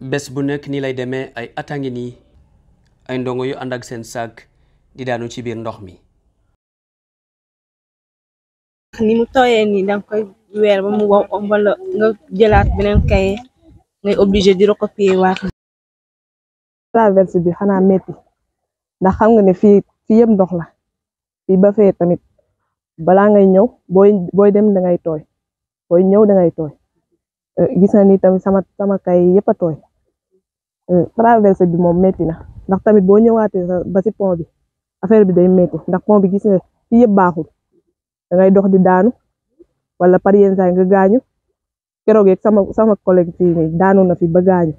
bés bu nekk nii lay deme ay attangi nii ay ndongo yu ànd ak seen saak di daanu ci biir ndox mi ni mu tooyee nii danga koy weer ba mu wow wala nga jëlaat beneen kaye ngay obligé di recopier waat traverse bi xanaa metti ndax xam nga ne fi fii yëpp ndox la fii ba fee tamit balaa ngay ñëw booy booy dem da ngay tooy booy ñëw da ngay tooy eh, gis na ni tamit sama kay yëpp a tooy Euh, traversé bi moom métti na ndax tamit boo ñëwaatee ba si pont bi affaire bi day métti ndax pont bi gis nga fii yëpp baaxul da dox di daanu wala par yenn saa nga gaañu keroog yeeg sama sama collègue fii daanu na fi ba gaañu.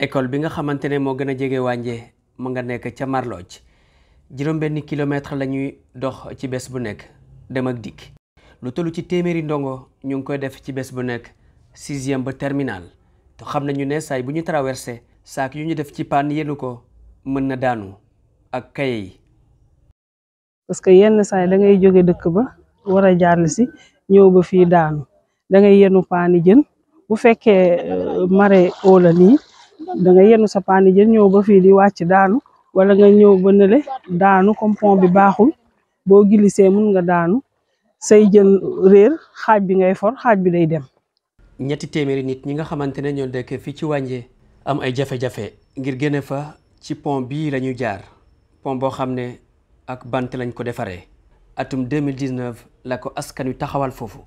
école bi nga xamante ne moo gën a jege Wandié mu nga nekk ca Marlodj juróom benn kilomètre la ñuy dox ci bés bu nekk dem ak dikk. lu tollu ci téeméeri ndongo ñu ngi koy def ci bés bu nekk sixième ba terminal te xam nañu ne saay bu ñu traversé saak yu ñu def ci paan yenu ko mën na daanu ak kaye parce que yenn saay da ngay jóge dëkk ba war a jaarli si ñëw ba fii daanu da ngay yenu paani jën bu fekkee euh, marée haute nii da nga sa paani jën ñëw ba fii di wàcc daanu wala nga ñëw ba nële daanu comme pont bi baaxul boo gillisee mun nga daanu say jën réer xaaj bi ngay for xaaj bi day dem ñetti téeméeri nit ñi nga xamante ne ñoo dëkk fii ci wàññe am ay jafe-jafe ngir génne fa ci pont bii lañuy jaar pont boo xam ne ak bant lañ ko defaree atum 2019 la ko askan wi taxawal foofu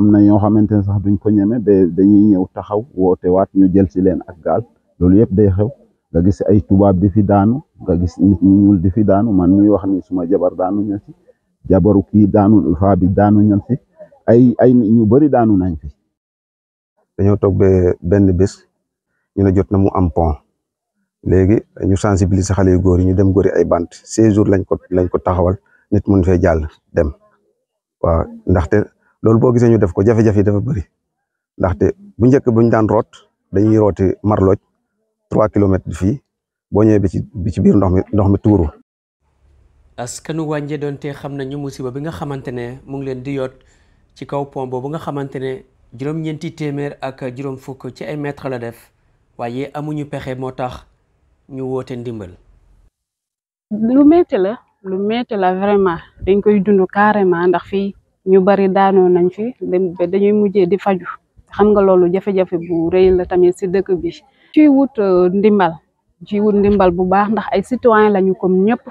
am na ñoo xamante ne sax duñ ko ñeme dañuy ñëw taxaw woote waat ñu jël si leen ak gaal loolu yëpp day xew nga gis ay tubaab di fi daanu nga gis nit ñu ñuul di fi daanu man muy wax ni suma jabar daanu ñal si jabaru kii daanu faa bi daanu ñal si ay ay ñu bari daanu nañ fi. dañoo toog ba benn bés ñu ne jot na mu am pont léegi ñu sensibiliser xale yu góor yi ñu dem góori ay bant seize jours lañ ko lañ ko taxawal nit mun fee jàll dem waaw ndaxte loolu boo gisee ñu def ko jafe-jafe dafa bëri ndaxte bu njëkk buñ daan root dañuy rooti marloj trois kilomètres di fii boo ñëwee bi bi ci biir ndox mi ndox mi tuuru. askanu wàññe doonte xam ñu musiba bi nga xamante ne mu ngi leen di yoot ci kaw pont boobu nga xamante ne juróom-ñeenti téeméer ak juróom fukk ci ay mètre la def waaye amuñu pexe moo tax ñu woote ndimbal. lu métti la lu métti la vraiment dañ koy dund carrément ndax fii ñu bari daanoo nañ fi dañuy mujjee di faju xam nga loolu jafe-jafe bu rëy la tamit si dëkk bi. ci wut euh, ndimbal ci wut ndimbal bu baax ndax ay citoyen lañu kom ñëpp.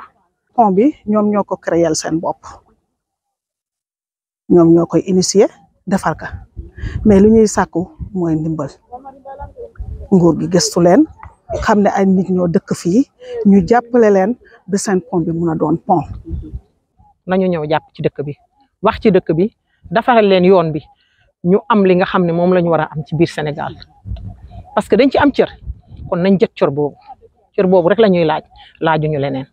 pont bi ñoom ñoo ko créel seen bopp. ñom ñokoy initier defal ka mais lu ñuy sakku moy ndimbal nguur gi gestu len xamne ay nit ñoo dëkk fi ñu jàppale len ba seen pont bi mëna doon pont nañu ñëw japp ci dëkk bi wax ci dëkk bi defaral len yoon bi ñu am li nga xamne mom lañu la am ci biir Sénégal parce que dañ ci am cër kon nañ cër bobu cër bobu rek lañuy laaj laaju ñu leneen